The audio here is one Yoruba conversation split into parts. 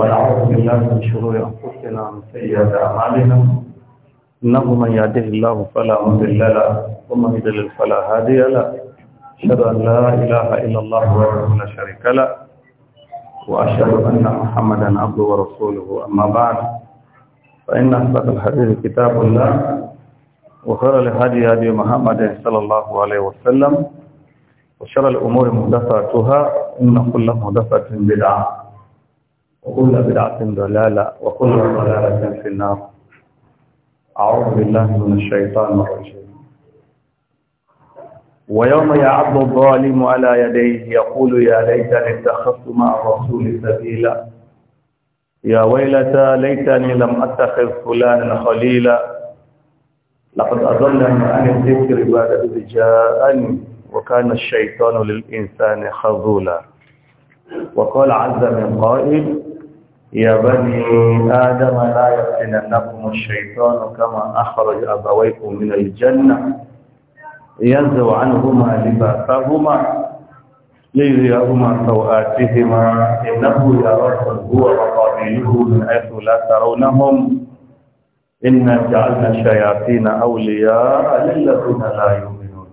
ونعوذ بالله من شرور أنفسنا ومن سيئات أعمالنا إنه من يهده الله فلا مضل له ومن يضلل فلا هادي له أشهد أن لا إله إلا الله وحده لا شريك له وأشهد أن محمدا عبده ورسوله أما بعد فإن اثبت الحديث كتاب الله وخير الهدي هدي محمد صلى الله عليه وسلم وشر الأمور مهدفاتها إن كل مهدفه بدعة وكل بدعة ضلالة وكل ضلالة في النار أعوذ بالله من الشيطان الرجيم ويوم يعض الظالم على يديه يقول يا ليتني اتخذت مع الرسول سبيلا يا ويلتى ليتني لم اتخذ فلانا خليلا لقد أضلني عن الذكر بعد إذ جاءني وكان الشيطان للإنسان خذولا وقال عز من قائل يا بني آدم لا يفتننكم الشيطان كما أخرج أبويكم من الجنة ينزع عنهما لباسهما ليريهما سوآتهما إنه يراكم هو وقبيله من حيث لا ترونهم إنا جعلنا الشياطين أولياء للذين لا يؤمنون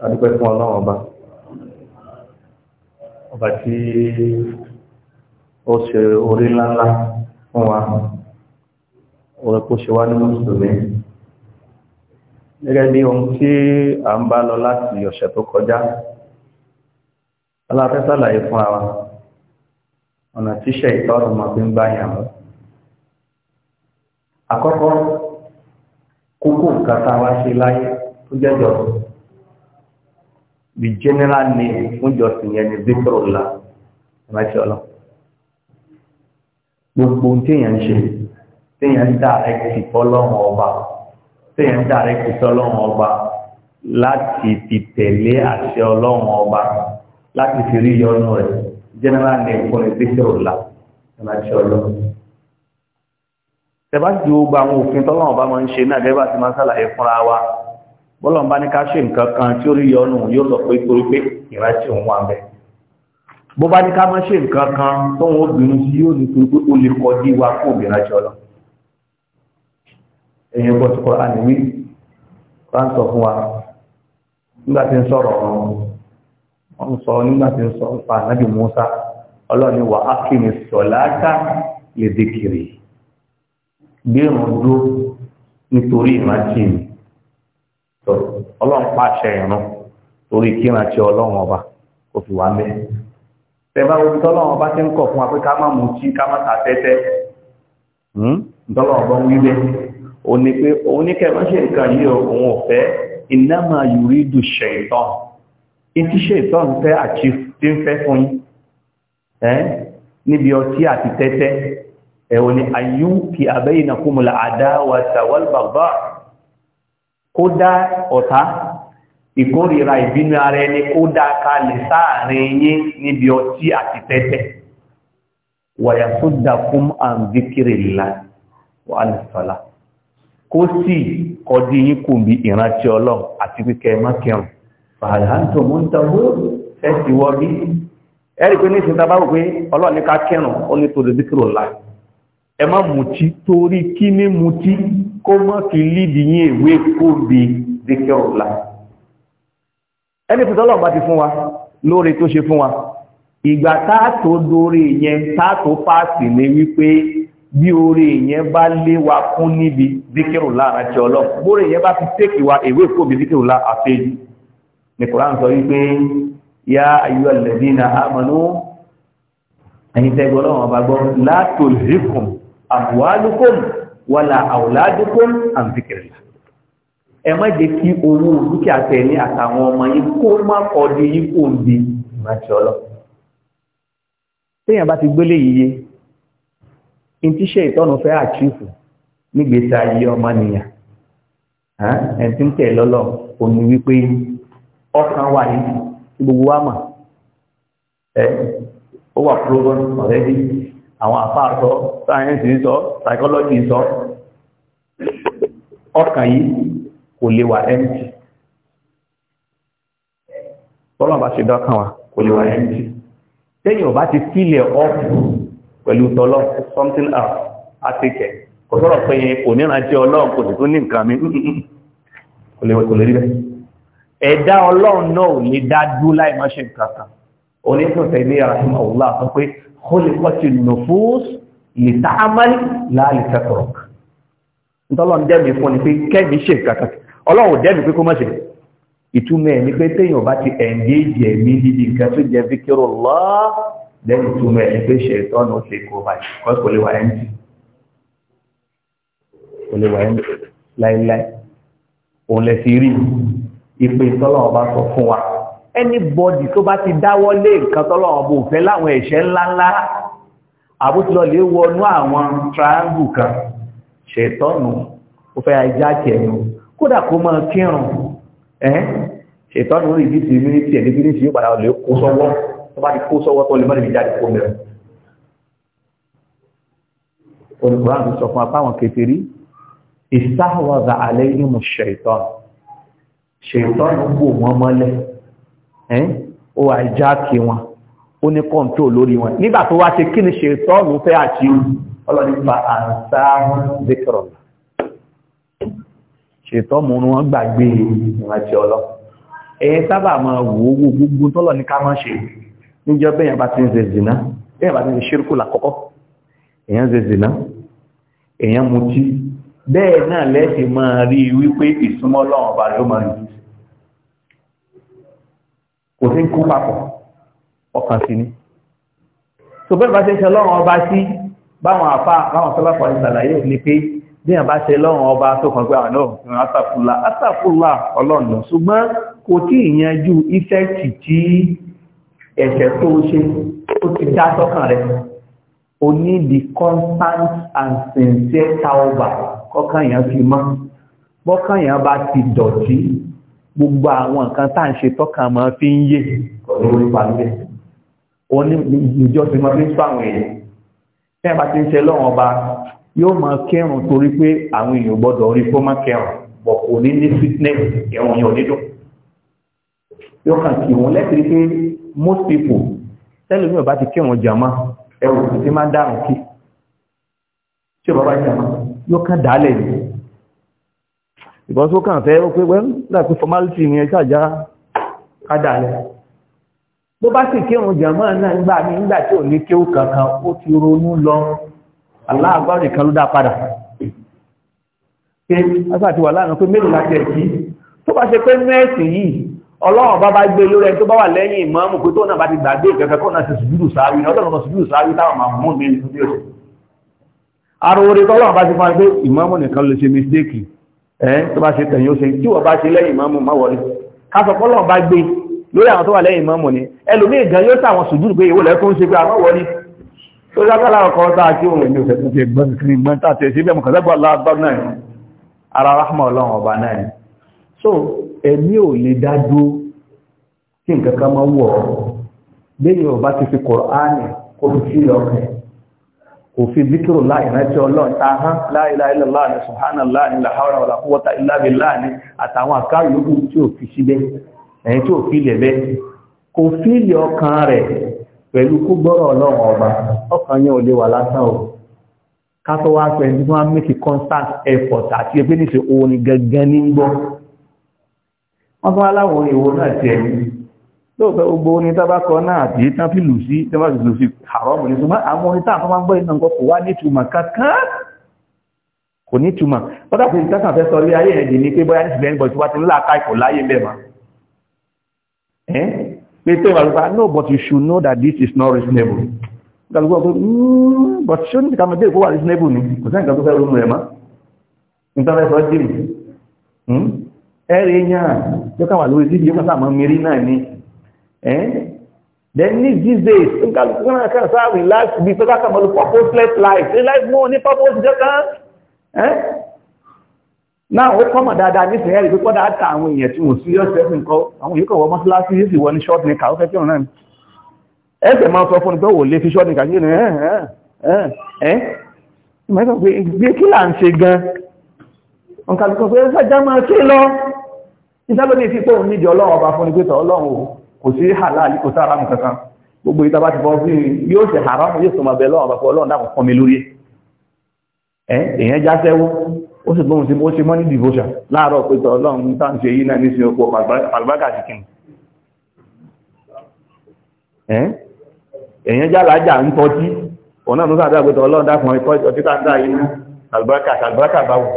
أدعوكم الله أبا أبا ó ṣe orí ńláńlá fún wa orí kó ṣe wá ní mùsùlùmí gẹ́gẹ́ bí ohun tí a ń bá lọ láti ọ̀sẹ̀ tó kọjá aláfẹ́ sàlàyé fún wa ọ̀nà tíṣẹ̀ ìtọ́rùn ma fi ń bá ìyàwó àkọ́kọ́ kókó kàtà wá ṣe láyé tó jẹ́jọ́ bí general name fún jọ́sìn yẹn ni victor ọ̀la ẹ̀mẹ́tì ọlọ́pàá gbogbo téèyàn ń ṣe téèyàn ń dàrẹ́kì tọ́lọ́run ọba téèyàn ń dàrẹ́kì tọ́lọ́run ọba láti fi tẹ̀lé àṣẹ ọlọ́run ọba láti fi rí yọnu rẹ̀ general name fún ẹ̀ pẹ́sẹ̀rò là ẹ̀láṣẹ ọlọ́run. tẹ̀bá ti gbogbo àwọn òfin tọ́lọ́run ọba máa ń ṣe náà gẹ́gẹ́ bá ti máa ṣàlàyé fúnra wa bọ́lọ̀ ń bá ní ká ṣe nǹkan kan tí ó rí yọnu yóò lọ pé torí pé ìrántí òun wà bẹ́ẹ̀. bó bá ní ká má ṣe nǹkan kan tóun obìnrin tí yóò nítorí pé ó lè kọjú wa kó obìnrin jọ lọ èyí bọ́ ti kọ́ àníwí bá fún wa nígbà tí ń sọ̀rọ̀ ọ̀run sọ nígbà tí ń sọ pa ànábì Musa ọlọ́ni wà á kí ni sọ̀láàtà lè bí dúró nítorí ìrántí tẹ̀bá omi tọ́lọ́wọ́ bá ti ń kọ̀ fún wa pé ká má mú tí ká má ta tẹ́tẹ́ hmm? tọ́lọ́wọ́ bá ń wí bẹ́ẹ̀ o ní pé òun ní kẹ́ má ṣe nǹkan yìí òun ò fẹ́ innama yuridu shaitan etí shaitan ń fẹ́ àti tí ń fẹ́ fún yín níbi ọtí àti tẹ́tẹ́ ẹ̀wọ̀n ni ayú kí abẹ́yìnà kúmùlà àdáwà tàwọ́lbàbà kó dá ọ̀tá ìkórìíra ìbínú ara ẹni kó dákalẹ̀ sáàrin yín níbi ọtí àti tẹ́tẹ́ wàyàsódàkún àǹdíkìrìlá wàlẹ̀sọ́lá kó sì kọdí yín kò bí ìrántí ọlọ́run àti pípẹ́ mọ́kẹrùn fàhàntò mú ń tàbó ẹ̀sì wọ́ bí ẹ̀rì pé ní ìsinta bá wù pé ọlọ́run ní ká kẹrùn ẹni tí tọ́lọ̀ bá ti fún wa lóore tó ṣe fún wa ìgbà táàtò dóore yẹn táàtò pààsì ní wípé bí oore yẹn bá lé wa kún níbi zikiru lára tí ọlọ́ bóore yẹn bá fi tẹ́kì wa èwe kó zikiru lá àfẹ́jù ní koran sọ wípé ya ayyuha alladhina ẹ má jẹ́ kí owó dúkìá tẹ̀ ní àtàwọn ọmọ yín kó má kọ́ di yín kò ń di ìrántí ọlọ́ téèyàn bá ti gbélé yíyé n tí ṣe ìtọ́nù fẹ́ àchífù nígbèsè ayé ọmọnìyàn ẹni tí ń tẹ̀ lọ́lọ́ òní wípé ọkàn wà ní gbogbo wa mà ẹ ó wà proven already àwọn àfáà sọ sáyẹ́nsì sọ psychology sọ ọkàn yìí kò lè wà empty tọ́lọ̀ bá ṣe dọ́kàn wa kò lè wà empty tẹ́yìn ọba ti fílẹ̀ up pẹ̀lú tọ́lọ̀ something else àtìkẹ̀ kò sọ́rọ̀ pé kò ní ìrántí ọlọ́run kò sì tún ní nǹkan mi kò lè kò lè rí bẹ́ẹ̀ ẹ̀dá ọlọ́run náà ò lè dá dúró láì má ṣe nǹkan kan onífẹ̀fẹ̀ ilé ara fún àwùlá sọ pé kólíkọ́tì nùfúùs lè tá a máa láàlì kẹ́kọ̀ọ́ nítorí ọ̀n dẹ́mi fún ni pé kẹ́mi ṣe nǹkan kan ọlọ́run dẹ́bi pé kó mọ́ sílẹ̀ ìtumẹ̀ ní pé téèyàn bá ti engage ẹ̀mí níbi nǹkan tó jẹ́ fíkírò lọ́ lẹ́yìn ìtumẹ̀ ní pé ṣe ìtọ́nà ó ṣe kó báyìí kọ́sì kò lè wà ẹ́ńtì kò lè wà ẹ́ńtì láíláí òun lè fi rí ìpè tọ́lọ́run bá sọ fún wa anybody tó bá ti dáwọ́ lé nǹkan tọ́lọ́run bò fẹ́ láwọn ẹ̀ṣẹ̀ ńláńlá àbútúlọ̀ lè wọnú àwọn triangle kan ṣètọ́nù ó fẹ́ ajá kẹ̀ẹ́nu kódà kó máa kírun ẹ́ ṣètọ́nù orí ìdíje mínísì ẹ̀ ní mínísì yóò padà lè kó sọ́wọ́ tó bá ti kó sọ́wọ́ tó lè má lè fi jáde kó mẹ́rin olùkọ́rán ti sọ fún apáwọn kékeré ìsáwọ̀dà alẹ́ ìmú ṣètọ́nù ṣètọ́nù gbò wọ́n mọ́lẹ̀ ẹ́ ó wà já kí wọn ó ní kọ́ńtró lórí wọn nígbà tó wá ṣe kí ni ṣètọ́nù fẹ́ àti ọlọ́ni fa àǹsáwọn dékọ̀rọ̀lá ṣètọ́ mú wọn gbàgbé ìrántí ọlọ́ ẹ̀yẹ sábà máa wò ó gbogbo tọ́lọ̀ ní ká máa ṣe níjọ́ bẹ́yàn bá ti ń ṣe zìná bẹ́yàn bá ti ń ṣe ṣírkù lákọ́kọ́ èyàn ṣe zìná èyàn mutí bẹ́ẹ̀ náà lẹ́sì máa rí wípé ìsúnmọ́ lọ́wọ́ bá ló máa rí kò bí àbá ṣe lọ́rùn ọba tó kàn pé àwọn náà àtàkùlà àtàkùlà ọlọ́nà ṣùgbọ́n kò tí ìyanjú ìfẹ́ẹ̀tì tí ẹ̀ṣẹ̀ tó ṣe ó ti dá sọ́kàn rẹ̀ o ní the constant and sincere tauba kọ́kàn yẹn fi mọ́ bọ́kàn yẹn bá ti dọ̀tí gbogbo àwọn nǹkan tá à ń ṣe tọ́kàn mọ́ fi ń yé lórí palẹ̀ o ní ìjọsìn mọ́ fi ń sọ àwọn èèyàn bí àbá ti ń ṣe lọ́rùn ọba yóò máa kẹrùn torí pé àwọn èèyàn gbọ́dọ̀ rí kó má kẹrùn bọ̀ kò ní ní fitness ẹ̀wọ̀n yẹn ò ní dùn yóò kàn kí wọn lẹ́sìn pé most people tẹ́lẹ̀ mi ò bá ti kẹrùn jàmá ẹ̀wọ̀n kò sí máa ń dàrùn kí tí ò bá bá jàmá yóò kàn dálẹ̀ yìí ìbọn tó kàn fẹ́ ó pé wẹ́n láti formality ni ẹjọ́ àjá kádàlẹ̀ bó bá sì kírun jàmá náà nígbà ní nígbà tí ò ní kéwù kankan ó ti ronú lọ aláàgbáre kan ló dá padà pé asáàtí wà láàrin pé mélòó láti ẹ̀kí tó bá ṣe pé mẹ́ẹ̀sì yìí ọlọ́run bá bá gbé lórí ẹni tó bá wà lẹ́yìn ìmáàmù pé tó náà bá ti gbàgbé ìkẹ́kẹ́ kọ́ náà ti sùjúdù sáárí ọlọ́run kan sùjúdù sáárí táwọn máa mú mi ní ọdún ọ̀sẹ̀ ara orí tọ́lọ́run bá ti fún wa pé ìmáàmù nìkan ló ṣe mistéèkì ẹ̀ tó bá ṣe tẹ̀yìn ó ṣe tí wọ́n bá ṣe lẹ́yìn ìmáàmù má wọlé kásọ̀ kọ́lọ́run bá gbé lórí àwọn tó wà lẹ́yìn ìmáàmù ni ẹlòmíì gan yóò sàwọn sùjúdù tó lágbàlá ọkọ̀ ọ̀tá èlò náà ara ọlọ́run ọba náà so ẹ̀mí ò lè dájú kí nǹkan kan máa wọ̀ ọba ti fi kọ̀rọ̀ánì kó fi sí ọkẹ̀ kò fi láìrántí ọlọ́run ta hán láàrin làhárà ìlàbí láàrin àtàwọn tí ò fi síbẹ̀ ẹ̀yìn tí ò fi bẹ́ kò fi pẹ̀lú kú gbọ́rọ̀ ọlọ́run ọba ọkàn yẹn ò lè wà lásán o ká wá pẹ̀lú tí wọ́n make constant effort àti ẹgbẹ́ níṣe òun gangan ní gbọ́ wọ́n tó wá láwọn orin ìwo náà tiẹ̀ lóòpẹ́ gbogbo orin tábàkọ náà àti tán fi lù sí tán bá lù sí àrọ́mù ní ṣùgbọ́n àwọn orin táà tó máa ń gbọ́ iná nǹkan kò wá nítumọ̀ kankan kò nítumọ̀ wọ́n dàbí ìtàkàn fẹ́ sọ rí ayé ẹ̀dì ní pé bóyá ní ṣùgbọ́n ẹnìbọ̀ tí wá ti ń láàká ìkò láyé mẹ́ma pé tó wà no but you should know that this is not reasonable gbàgbọ́ pé hmm, but ṣó ní ìkàmọ́ bẹ́ẹ̀ kó reasonable Because kò sẹ́yìn kan tó fẹ́ ronú rẹ̀ mọ́ nítorí ẹ̀fọ́ jìrì ẹ̀rẹ̀ yàn yóò kà wà lórí títí yóò kà sáà mọ́ mìírí náà ni then this these days nkàlùkù náà kàn sáà relax bí pé káàkà mọ́ lu purpose life life mọ́ ní purpose jẹ́ kan náà ó kọ́mọ̀ dáadáa ní ìfẹ́ ẹ̀rì pípọ́ dáadáa àwọn èèyàn tí wọ́n sí yọ́sẹ̀ fún nǹkan àwọn èèyàn kọ̀wọ́ mọ́síláṣí yìí sì wọ́n ní ṣọ́ọ̀tì ní kàókẹ́ tí wọ́n náà ẹ̀sẹ̀ máa sọ fún pé wò lè fi ṣọ́ọ̀tì kàókẹ́ tí wọ́n náà ẹ̀ẹ́ èèyàn já sẹ́wọ́ ó sì gbóhun sí bó ṣe mọ́ní devotion láàárọ̀ pẹ̀tọ̀ ọlọ́run tá ń ṣe yí náà ní sí ọpọ̀ pàlùbákà sí kìnnì ẹ̀yẹn jálàájà ń tọ́tí ọ̀nà tó sáàdá pẹ̀tọ̀ ọlọ́run dákùn ẹ̀kọ́ ọtí káńtà yìí pàlùbákà pàlùbákà báwò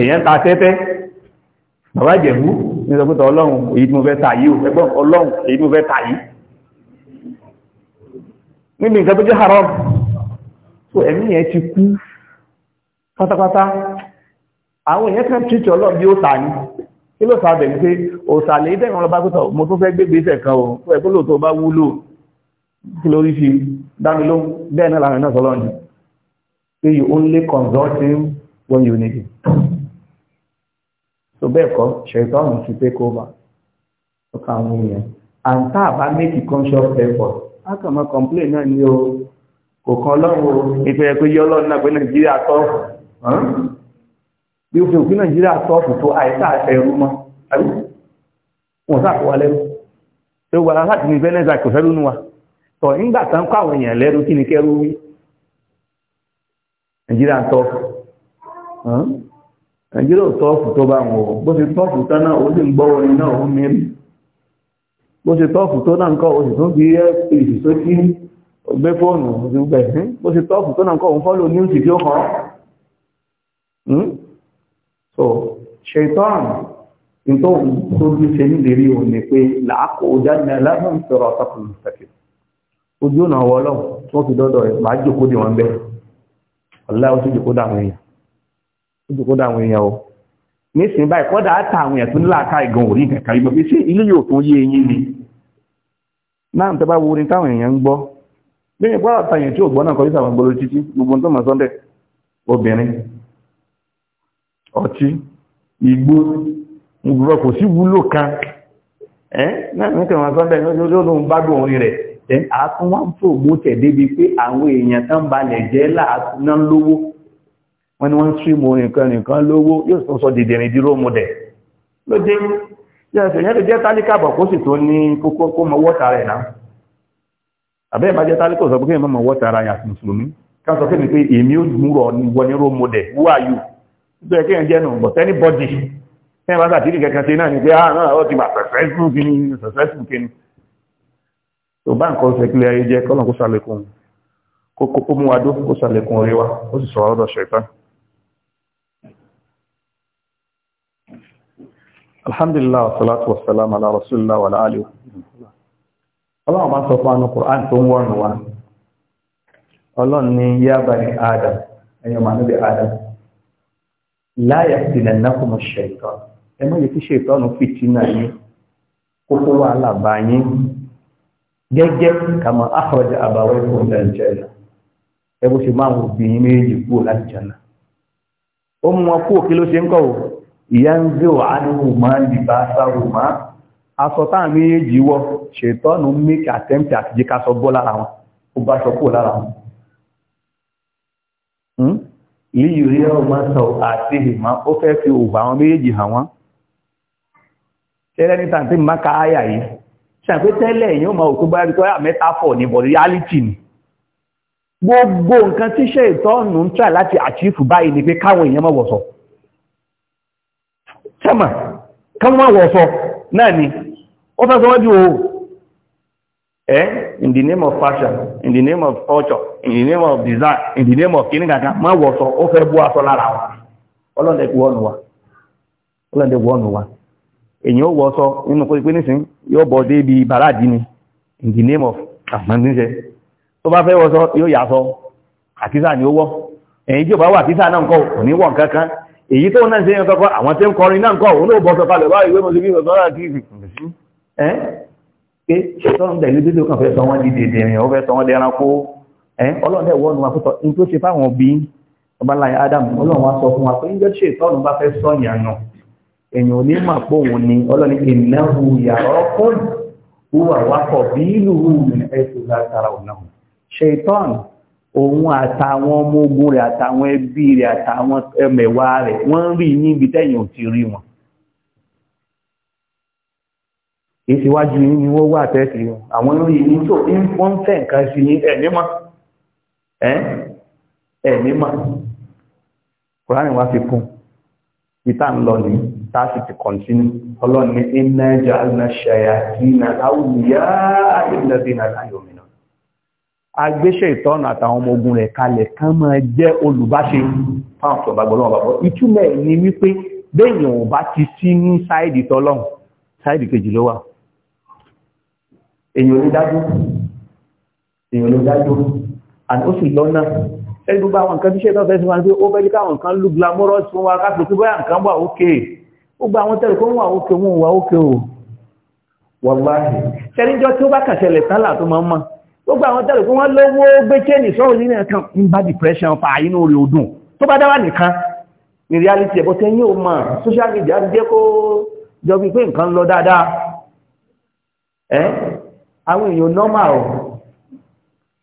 ẹ̀yẹn ta tẹ́tẹ́ bàbá jẹ̀bú ní sọ pẹ̀tọ̀ ọlọ́run èyí tí mo fẹ́ tà yìí ẹgbọ́n ọlọ́run èyí tí mo pátápátá àwọn èèyàn kan tí ìtì ọlọ́run bí ó tà ní kí ló sábẹ̀ ní pé òsàlẹ̀ ìdẹ̀ ìrànlọ́bá pẹ́tọ̀ mo tó fẹ́ gbégbèsẹ̀ kan o fún ẹ̀kọ́ lóòótọ́ bá wúlò kí lórí fi dámi lóhun bẹ́ẹ̀ náà láàrin náà sọ́lọ́ ni pé you only consult him when you need him so bẹ́ẹ̀ kọ́ ṣẹ̀tọ́nù ti take over ọkà àwọn èèyàn and tá a bá make a conscious effort a kàn máa complain náà ni o kò kan ọlọ́run o ìpẹ́yẹ pé yọ ọlọ́run náà pé nàìjíríà tọ́ bí ó òfin nàìjíríà sọ́ọ̀tù tó àìsà ẹ̀rú mọ́ àbí wọ́n sáàkó tó wà láti ní Venezuela kò fẹ́ lónú tọ̀ nígbà tán kọ́ àwọn èèyàn lẹ́rú kí ni kẹ́rú wí nàìjíríà tọ́ọ̀fù nàìjíríà tọ́ọ̀fù tó bá wọn o bó ṣe tọ́ọ̀fù tán náà ó sì ń gbọ́ orin náà ó mérí bó ṣe tọ́ọ̀fù tó náà ń kọ́ oṣù tó fi èsì sókí gbé fóònù gbẹ bó ṣe tọ́ọ̀fù tó náà ń òun fọ́lò ní Hmm? so ṣètọ́n nítorí tóbi ṣe nílérí ni pé làákò jáde aláhùn sọ̀rọ̀ ọ̀tọ́kùn mùsàkì na ọ̀nà ọwọ́lọ́ tí wọ́n fi dọ́dọ̀ rẹ̀ máa jòkó dì wọ́n bẹ́ẹ̀ ọ̀lá ó tún jòkó dáwọn èèyàn ó dáwọn èèyàn o nísìnyí báyìí kọ́dà á ta àwọn ni wo ọtí igbó ìgbúrọ̀ kò sí wúlò kan ẹ́ náà kẹwàá sọ́bẹ̀ lóòrùn bá dùn orin rẹ̀ ẹ́ àátún wá ń fò mú tẹ̀ débi pé àwọn èèyàn tán balẹ̀ jẹ́ láàá lówó wọ́n ni wọ́n sí mo nìkan nìkan lówó yóò sọ dìdìrín dúró mu dẹ̀ lóde yẹ́sẹ̀ jẹ́ tálíkàbọ̀ kó sì tó ní kókó kó mọ wọ́ta rẹ̀ náà àbẹ́ ìbájẹ́ tálíkà sọ pé kí n mọ̀ wọ́ta ara yà mùsùlùmí ká sọ pé èmi ó múrọ̀ wọ ní ró mo dẹ̀ wúwà yìí bẹ́ẹ̀ kí ẹ̀ jẹ́ nù bọ̀tẹ́ ní bọ́dì ẹ̀ bá sàtìrì kẹ̀kẹ́ sí náà ní pé ah náà ó ti wà successful kìíní successful kìíní tó bá nǹkan ṣe kílẹ̀ ayé jẹ́ kọ́nà kó sàlékún kó mú adó alhamdulillah salatu wa salam ala rasulillah Qur'an tó ń wọ́n wa ni yábàá ní Adam ẹ̀yọ́ màánú bí Adam láyà sílẹ̀ nákùnmù ṣẹ̀tọ́ ẹ mọ́ yìí kí ṣètọ́nù fìtínà yín kókó wà lábá yín gẹ́gẹ́ kàmọ́ àkọ́jà àbáwẹ́ fún nàìjíríà ẹ bó ṣe máa wọ obìnrin méjì kúrò láti jẹun ó mú wọn kúrò kí ló ṣe ń kọ̀ wò ìyá ń gbé wà ánìwò máa ń dìbà sáwò máa aṣọ táà méjì wọ ṣètọ́nù make attempt àti jẹ́ sọ bọ́ lára wọn ó bá sọ kúrò lára wọn hmm? líyìí ọmọ sọ àti ìmọ̀ ó fẹ́ fi òwò àwọn méjì hàn wọ́n tẹ́lẹ̀ ní tàbí maka àyà yìí ṣàpé tẹ́lẹ̀ yìí èyàn ma òkú bá rí tọ́yà mẹ́ta fọ̀ ní bọ̀ reality ni gbogbo nǹkan tí ṣe ìtọ́nù ń try láti àchífù báyìí ni pé káwọn èèyàn má wọ̀sọ̀ sẹ́mà káwọn má wọ̀sọ̀ náà ni ó fẹ́ sọ wọ́n ju ẹ́ in the name of fashion in the name of culture in the name of design in the name of kíní kankan má wọ̀ sọ ó fẹ́ bú aṣọ lára wa ọlọ́dẹ wọ́n nù wa ọlọ́dẹ wọ́n nù wa èyàn ó wọ́ sọ nínú kó pé nísìn yóò bọ̀ dé ibi bàrádì ni in the name of àmọ́ndínṣẹ́ tó bá fẹ́ wọ́ sọ yóò yà sọ àkísà ni ó wọ́ ẹ̀yìn tí ò bá wà àkísà náà nǹkan kò ní wọ̀n kankan èyí tó náà ṣe yẹn kọ́kọ́ àwọn tí ń kọrin náà nǹkan òun ló bọ́ sọ kalẹ̀ báyìí wé mo ti fi sọ sọ́ra kí pé ṣètọ́rùn dẹ̀ ló dédé kan fẹ́ sọ wọ́n di dèdè rìn ó fẹ́ sọ wọ́n di ẹranko ọlọ́run dẹ̀ wọ́n nu wọn fútọ́ ní tó ṣe fáwọn òbí ọbaláyé Adam ọlọ́run wá sọ fún wa pé ń jẹ́ ṣètọ́rùn bá fẹ́ sọ̀yàn nù èèyàn ò ní mà pé òun ni ọlọ́run ìnáwó yàrá kọ́ọ̀lù wúwà wákọ̀ bí ìlú ẹ̀sùn látara ọ̀nà ṣètọ́rùn òun àtàwọn ọmọ ogun rẹ̀ àtàwọn ẹbí rẹ̀ àtàwọn ẹmẹ̀wà rẹ̀ wọ́n rí níbi tẹ́yìn ò ti kìí ṣe yìí ni wọ́n wà tẹ́sí wọn àwọn lórí yìí tó ń wọ́n fẹ́ nǹkan sí yìí ẹ̀ mímọ́ ẹ̀ mímọ́ kùránì wá fi kún ìta ń lọ ní táàsì ti kọ̀ntínú ọlọ́run ní iná ẹja aláṣẹ́yà dínà láwùyá ìlẹ́dínà láyòmínà agbéṣẹ́ ìtọ́nà àtàwọn ọmọ ogun rẹ̀ kalẹ̀ kán máa jẹ́ olùbáṣe fáwọn tó bá gbọ́lọ́wọ́ bàbọ́ ìtumọ̀ ni wípé bẹ́ẹ̀yàn ò bá ti sí ní sáìdì èyàn ló dájú èyàn ló dájú and ó sì lọ́nà ẹni gbogbo àwọn nǹkan tí ṣe tọ́fẹ́ sí wọn pé ó fẹ́ káwọn nǹkan lù glamorous fún wa káàkiri tó bóyá nǹkan wà ókè ó gba àwọn tẹ́lẹ̀ kó wà ókè wọn wà ókè o wàláhì ṣẹ́níjọ́ tí ó bá kàṣẹlẹ̀ tálà tó máa ń mọ́ gbogbo àwọn tẹ́lẹ̀ kó wọ́n lówó gbé chéènì sọ́rọ̀ nínú ẹ̀kan ń bá depression fa inú orí odùn tó bá dáwà nìkan ní reality ẹ̀bọ̀ tẹ́ yíò mọ̀ social media jẹ́ kó jọ bí pé nǹkan lọ dáadáa àwọn èèyàn nọ́mà ọ̀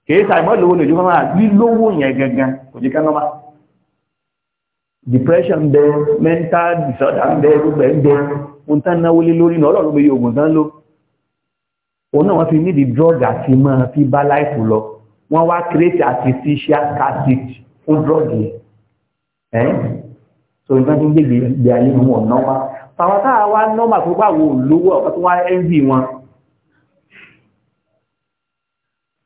kìí sàìmọ́ lówó lójú máa lílówó yẹn gangan kò jí ká nọ́mà depression bẹ mental disorder bẹ gbogbo ẹ̀ bẹ ohun tán náwó lé lórí náà ọlọ́run bẹ oògùn tán ló òun náà wọ́n fi ní di drug àti máa fi bá láìpù lọ wọ́n wá create artificial castic fún drug yẹn ẹ́ so nǹkan tí ń gbé gbé ayé wọn nọ́mà tàwọn táwa wá nọ́mà tó bá wo lówó ọ̀pá tó wá envy wọn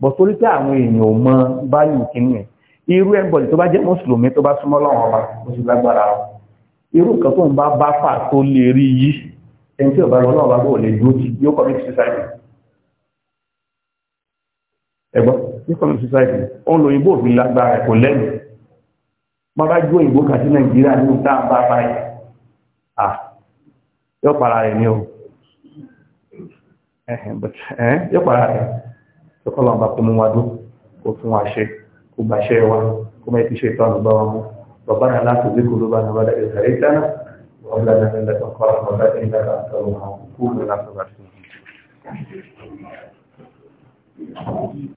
bọ̀ torí pé àwọn èèyàn ò mọ báyìí kìíní ẹ̀ irú ẹgbọ̀dì tó bá jẹ́ mùsùlùmí tó bá súnmọ́ lọ́wọ́ ọba ó sì lágbára ọ irú nǹkan tó ń bá bá fà tó lè rí yí ẹni tí ọba lọ́wọ́ ọba bò lè dúró ti yóò commit suicide ẹ̀gbọ́n yóò commit suicide òun lòyìnbó òfin lágbára ẹ̀ kò lẹ́nu bàbá jó òyìnbó kà nàìjíríà ní ìta bá báyìí tọ́kọ́lọ́ ọba kó mú wa dún kó fún wa ṣe kó gbàṣẹ́ wa kó mẹ́ẹ̀kì ṣe ìtọ́ àgbà wa mú bàbá náà láti ojú kúrò bá nàbàdà ìsàrè dáná wọ́n bí lánàá ilẹ̀ tó ń kọ́ra ọ̀gá ìlà àtọ̀rọ̀ àwọn kúrò láti ọ̀gá sí i.